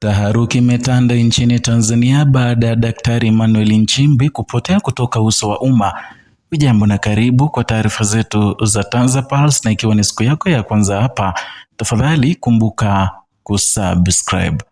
Taharuki imetanda nchini Tanzania baada ya Daktari Emmanuel Nchimbi kupotea kutoka uso wa umma. Ujambo na karibu kwa taarifa zetu za TanzaPulse, na ikiwa ni siku yako ya kwanza hapa, tafadhali kumbuka kusubscribe.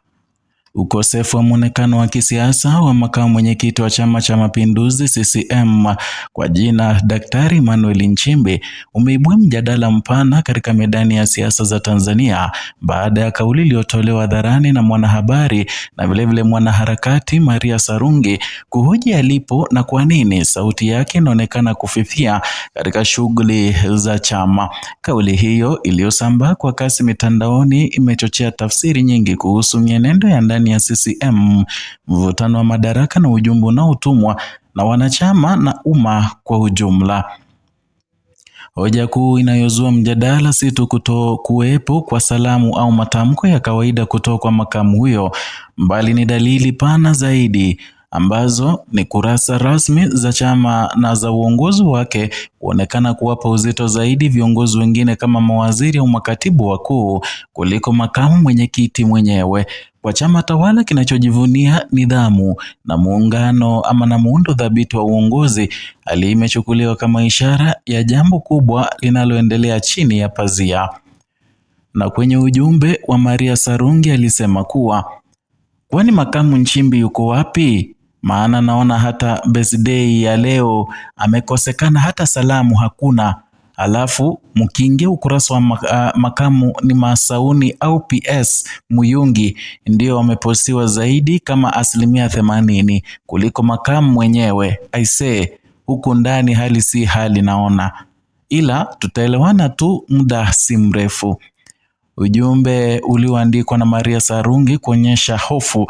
Ukosefu wa mwonekano wa kisiasa wa makamu mwenyekiti wa Chama cha Mapinduzi CCM kwa jina Daktari Emmanuel Nchimbi umeibua mjadala mpana katika medani ya siasa za Tanzania baada ya kauli iliyotolewa hadharani na mwanahabari na vilevile mwanaharakati Maria Sarungi kuhoji alipo na kwa nini sauti yake inaonekana kufifia katika shughuli za chama. Kauli hiyo iliyosambaa kwa kasi mitandaoni imechochea tafsiri nyingi kuhusu mienendo ya ndani ndani ya CCM, mvutano wa madaraka na ujumbe unaotumwa na wanachama na umma kwa ujumla. Hoja kuu inayozua mjadala si tu kuto kuwepo kwa salamu au matamko ya kawaida kutoka kwa makamu huyo, bali ni dalili pana zaidi ambazo ni kurasa rasmi za chama na za uongozi wake kuonekana kuwapa uzito zaidi viongozi wengine kama mawaziri au makatibu wakuu kuliko makamu mwenyekiti mwenyewe kwa chama tawala kinachojivunia nidhamu na muungano ama na muundo dhabiti wa uongozi, hali imechukuliwa kama ishara ya jambo kubwa linaloendelea chini ya pazia. Na kwenye ujumbe wa Maria Sarungi alisema kuwa kwani makamu Nchimbi yuko wapi? Maana naona hata birthday ya leo amekosekana, hata salamu hakuna. Alafu mkiingia ukurasa wa ah, makamu ni Masauni au PS Muyungi ndio wamepostiwa zaidi kama asilimia themanini kuliko makamu mwenyewe. Aisee, huku ndani hali si hali naona, ila tutaelewana tu muda si mrefu. Ujumbe ulioandikwa na Maria Sarungi kuonyesha hofu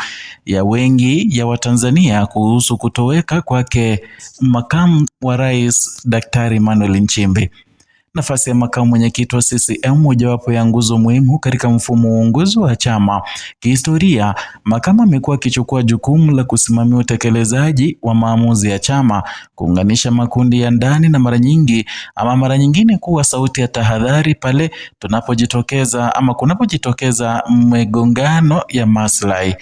ya wengi ya Watanzania kuhusu kutoweka kwake makamu wa rais Daktari Emmanuel Nchimbi. Nafasi ya makamu mwenyekiti wa CCM mojawapo ya nguzo muhimu katika mfumo wa uongozi wa chama. Kihistoria, makamu amekuwa akichukua jukumu la kusimamia utekelezaji wa maamuzi ya chama, kuunganisha makundi ya ndani na mara nyingi ama mara nyingine kuwa sauti ya tahadhari pale tunapojitokeza ama kunapojitokeza migongano ya maslahi.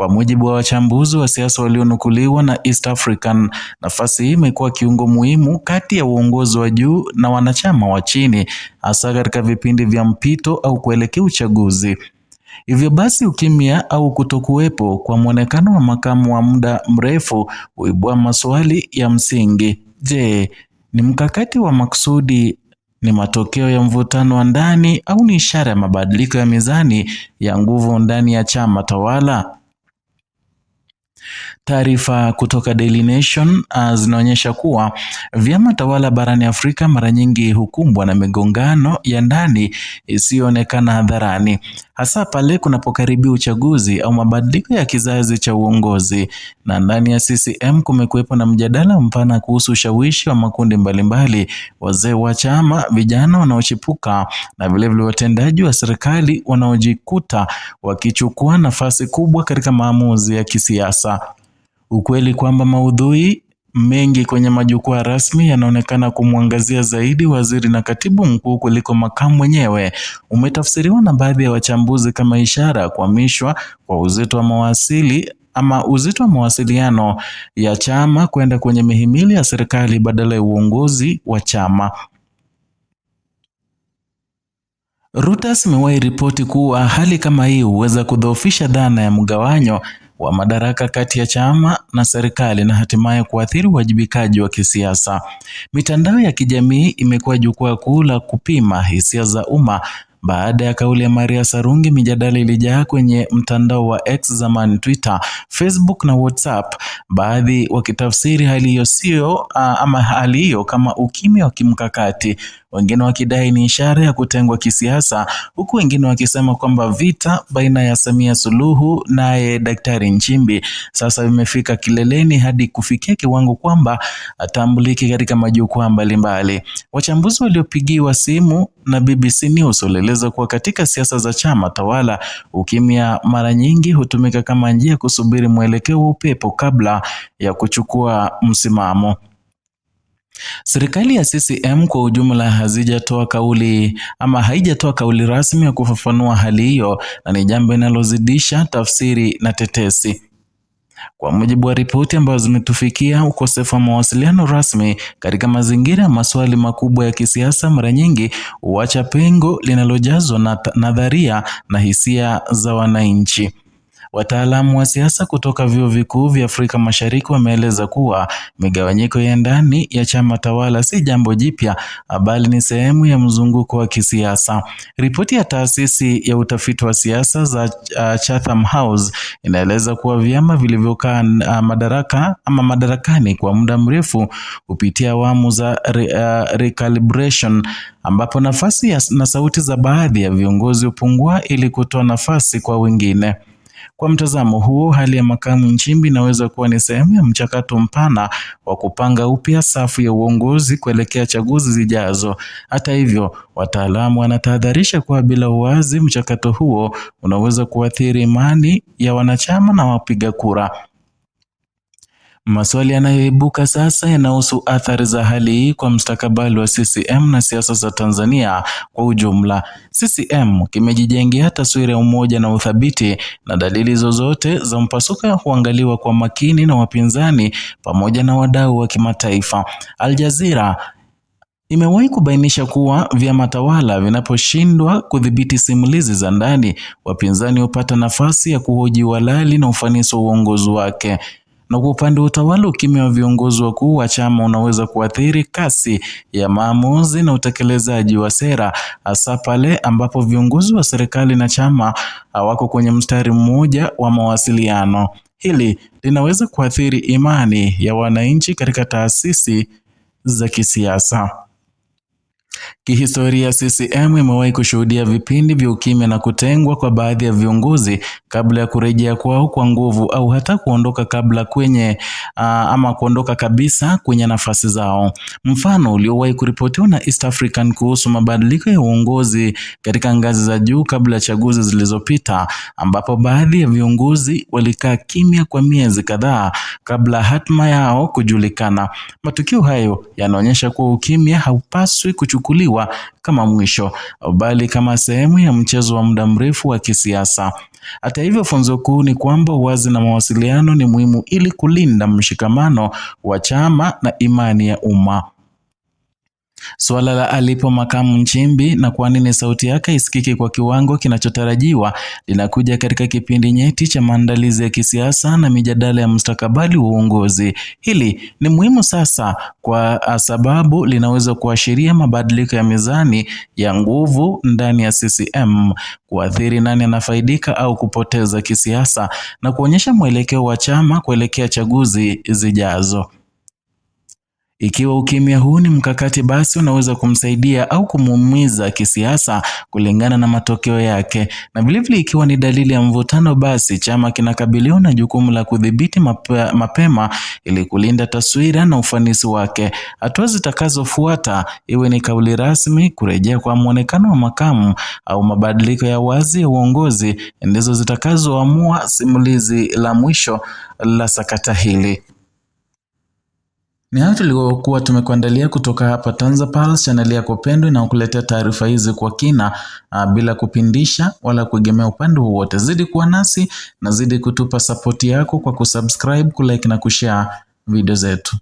Kwa mujibu wa wachambuzi wa siasa walionukuliwa na East African, nafasi hii imekuwa kiungo muhimu kati ya uongozi wa juu na wanachama wa chini, hasa katika vipindi vya mpito au kuelekea uchaguzi. Hivyo basi ukimya au kutokuwepo kwa mwonekano wa makamu wa muda mrefu huibua maswali ya msingi. Je, ni mkakati wa makusudi? Ni matokeo ya mvutano wa ndani au ni ishara ya mabadiliko ya mizani ya nguvu ndani ya chama tawala? Taarifa kutoka Daily Nation uh, zinaonyesha kuwa vyama tawala barani Afrika mara nyingi hukumbwa na migongano ya ndani isiyoonekana hadharani, hasa pale kunapokaribia uchaguzi au mabadiliko ya kizazi cha uongozi. Na ndani ya CCM kumekuwepo na mjadala mpana kuhusu ushawishi wa makundi mbalimbali, wazee wa chama, vijana wanaochipuka na vilevile watendaji wa serikali wanaojikuta wakichukua nafasi kubwa katika maamuzi ya kisiasa. Ukweli kwamba maudhui mengi kwenye majukwaa rasmi yanaonekana kumwangazia zaidi waziri na katibu mkuu kuliko makamu mwenyewe umetafsiriwa na baadhi ya wachambuzi kama ishara kuhamishwa kwa uzito wa mawasili ama uzito wa mawasiliano ya chama kwenda kwenye mihimili ya serikali badala ya uongozi wa chama. Reuters imewahi ripoti kuwa hali kama hii huweza kudhoofisha dhana ya mgawanyo wa madaraka kati ya chama na serikali na hatimaye kuathiri uwajibikaji wa kisiasa. Mitandao ya kijamii imekuwa jukwaa kuu la kupima hisia za umma. Baada ya kauli ya Maria Sarungi, mijadala ilijaa kwenye mtandao wa X zamani Twitter, Facebook na WhatsApp, baadhi wakitafsiri hali hiyo sio ama hali hiyo kama ukimya wa kimkakati wengine wakidai ni ishara ya kutengwa kisiasa, huku wengine wakisema kwamba vita baina ya Samia Suluhu naye Daktari Nchimbi sasa vimefika kileleni hadi kufikia kiwango kwamba atambuliki katika majukwaa mbalimbali. Wachambuzi waliopigiwa simu na BBC News walieleza kuwa katika siasa za chama tawala, ukimya mara nyingi hutumika kama njia ya kusubiri mwelekeo wa upepo kabla ya kuchukua msimamo. Serikali ya CCM kwa ujumla hazijatoa kauli ama haijatoa kauli rasmi ya kufafanua hali hiyo na ni jambo linalozidisha tafsiri na tetesi. Kwa mujibu wa ripoti ambazo zimetufikia, ukosefu wa mawasiliano rasmi katika mazingira ya maswali makubwa ya kisiasa mara nyingi huacha pengo linalojazwa na nadharia na hisia za wananchi. Wataalamu wa siasa kutoka vyuo vikuu vya Afrika Mashariki wameeleza kuwa migawanyiko ya ndani ya chama tawala si jambo jipya, bali ni sehemu ya mzunguko wa kisiasa. Ripoti ya taasisi ya utafiti wa siasa za uh, Chatham House inaeleza kuwa vyama vilivyokaa uh, madaraka ama madarakani kwa muda mrefu hupitia awamu za re, uh, recalibration ambapo nafasi ya, na sauti za baadhi ya viongozi hupungua ili kutoa nafasi kwa wengine. Kwa mtazamo huo hali ya makamu Nchimbi inaweza kuwa ni sehemu ya mchakato mpana wa kupanga upya safu ya uongozi kuelekea chaguzi zijazo. Hata hivyo, wataalamu wanatahadharisha kuwa bila uwazi, mchakato huo unaweza kuathiri imani ya wanachama na wapiga kura. Maswali yanayoibuka sasa yanahusu athari za hali hii kwa mstakabali wa CCM na siasa za Tanzania kwa ujumla. CCM kimejijengea taswira ya umoja na uthabiti, na dalili zozote za mpasuka huangaliwa kwa makini na wapinzani pamoja na wadau wa kimataifa. Al Jazeera imewahi kubainisha kuwa vyama tawala vinaposhindwa kudhibiti simulizi za ndani, wapinzani hupata nafasi ya kuhoji uhalali na ufanisi wa uongozi wake. Na kwa upande wa utawala, ukimya wa viongozi wakuu wa chama unaweza kuathiri kasi ya maamuzi na utekelezaji wa sera, hasa pale ambapo viongozi wa serikali na chama hawako kwenye mstari mmoja wa mawasiliano. Hili linaweza kuathiri imani ya wananchi katika taasisi za kisiasa. Kihistoria, CCM imewahi kushuhudia vipindi vya ukimya na kutengwa kwa baadhi ya viongozi kabla ya kurejea kwao kwa nguvu au hata kuondoka kabla kwenye uh, ama kuondoka kabisa kwenye nafasi zao. Mfano uliowahi kuripotiwa na East African kuhusu mabadiliko ya uongozi katika ngazi za juu kabla ya chaguzi zilizopita, ambapo baadhi ya viongozi walikaa kimya kwa miezi kadhaa kabla hatima yao kujulikana. Matukio hayo yanaonyesha kuwa ukimya haupaswi kuchukua kuchukuliwa kama mwisho, bali kama sehemu ya mchezo wa muda mrefu wa kisiasa. Hata hivyo, funzo kuu ni kwamba uwazi na mawasiliano ni muhimu ili kulinda mshikamano wa chama na imani ya umma. Suala la alipo makamu Nchimbi na kwa nini sauti yake isikike kwa kiwango kinachotarajiwa linakuja katika kipindi nyeti cha maandalizi ya kisiasa na mijadala ya mustakabali wa uongozi. Hili ni muhimu sasa kwa sababu linaweza kuashiria mabadiliko ya mizani ya nguvu ndani ya CCM, kuathiri nani anafaidika au kupoteza kisiasa na kuonyesha mwelekeo wa chama kuelekea chaguzi zijazo. Ikiwa ukimya huu ni mkakati, basi unaweza kumsaidia au kumuumiza kisiasa kulingana na matokeo yake. Na vilevile, ikiwa ni dalili ya mvutano, basi chama kinakabiliwa na jukumu la kudhibiti mapema ili kulinda taswira na ufanisi wake. Hatua zitakazofuata, iwe ni kauli rasmi, kurejea kwa mwonekano wa makamu au mabadiliko ya wazi ya uongozi, ndizo zitakazoamua simulizi la mwisho la sakata hili. Ni hayo tuliokuwa tumekuandalia kutoka hapa TanzaPulse, chaneli yako pendwa inayokuletea taarifa hizi kwa kina a, ah, bila kupindisha wala kuegemea upande wowote. Zidi kuwa nasi na zidi kutupa sapoti yako kwa kusubscribe, kulike na kushare video zetu.